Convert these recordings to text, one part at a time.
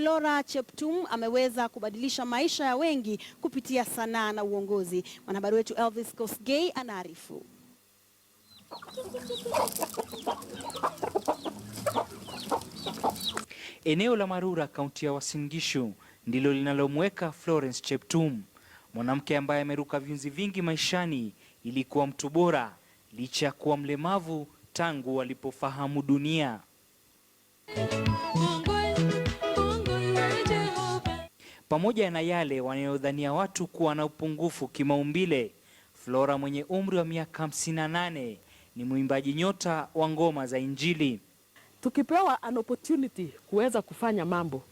Flora Cheptum ameweza kubadilisha maisha ya wengi kupitia sanaa na uongozi. Mwanahabari wetu Elvis Kosgei anaarifu. Eneo la Marura, kaunti ya Uasin Gishu, ndilo linalomweka Florence Cheptum, mwanamke ambaye ameruka viunzi vingi maishani ili kuwa mtu bora licha ya kuwa mlemavu tangu alipofahamu dunia pamoja na yale wanayodhania watu kuwa na upungufu kimaumbile. Flora mwenye umri wa miaka 58 ni mwimbaji nyota wa ngoma za Injili. Tukipewa an opportunity kuweza kufanya mambo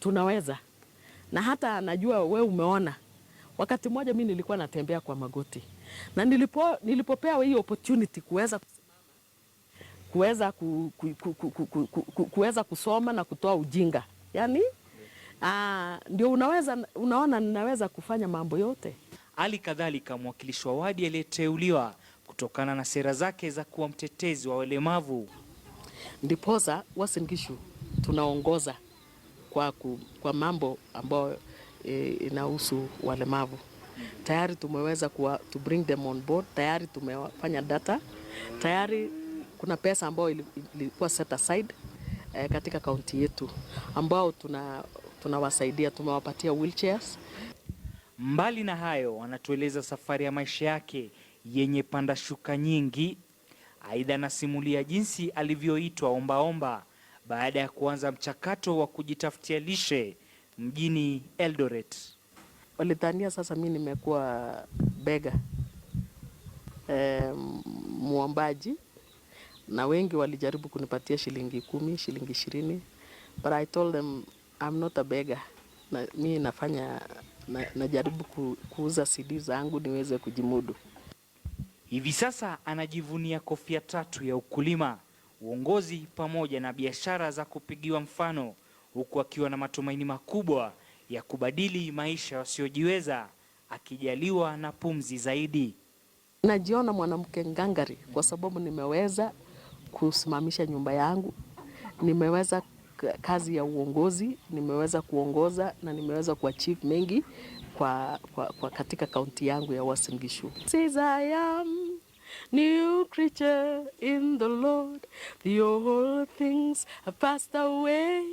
tunaweza, na hata najua we umeona wakati mmoja mi nilikuwa natembea kwa magoti na nilipo, nilipopewa hii opportunity kuweza kuweza ku, ku, ku, ku, ku, ku, ku, kusoma na kutoa ujinga yani Aa, ah, ndio unaweza, unaona ninaweza kufanya mambo yote. Hali kadhalika mwakilishi wa wadi aliyeteuliwa kutokana na sera zake za kuwa mtetezi wa walemavu, ndiposa Uasin Gishu tunaongoza kwa, ku, kwa mambo ambayo e, inahusu walemavu. Tayari tumeweza kuwa, to bring them on board, tayari tumefanya data, tayari kuna pesa ambayo ilikuwa set aside e, katika kaunti yetu ambao tuna tunawasaidia, tumewapatia wheelchairs. Mbali na hayo, anatueleza safari ya maisha yake yenye panda shuka nyingi. Aidha, anasimulia jinsi alivyoitwa ombaomba baada ya kuanza mchakato wa kujitafutia lishe mjini Eldoret. Walidhania sasa mi nimekuwa bega e, mwombaji na wengi walijaribu kunipatia shilingi kumi, shilingi ishirini, but I told them I'm not a beggar. Na, mi nafanya na, kuuza CD zangu niweze kujimudu. Hivi sasa anajivunia kofia tatu ya ukulima, uongozi pamoja na biashara za kupigiwa mfano, huku akiwa na matumaini makubwa ya kubadili maisha wasiojiweza, akijaliwa na pumzi zaidi. Najiona mwanamke ngangari kwa sababu nimeweza kusimamisha nyumba yangu, nimeweza kazi ya uongozi, nimeweza kuongoza na nimeweza kuachieve mengi kwa, kwa, kwa katika kaunti yangu ya Uasin Gishu. Says I am new creature in the Lord. The old things have passed away.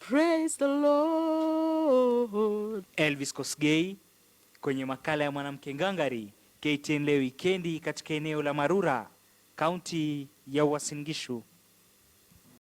Praise the Lord. Elvis Kosgei kwenye makala ya Mwanamke Ngangari KTN leo wikendi katika eneo la Marura, kaunti ya Uasin Gishu.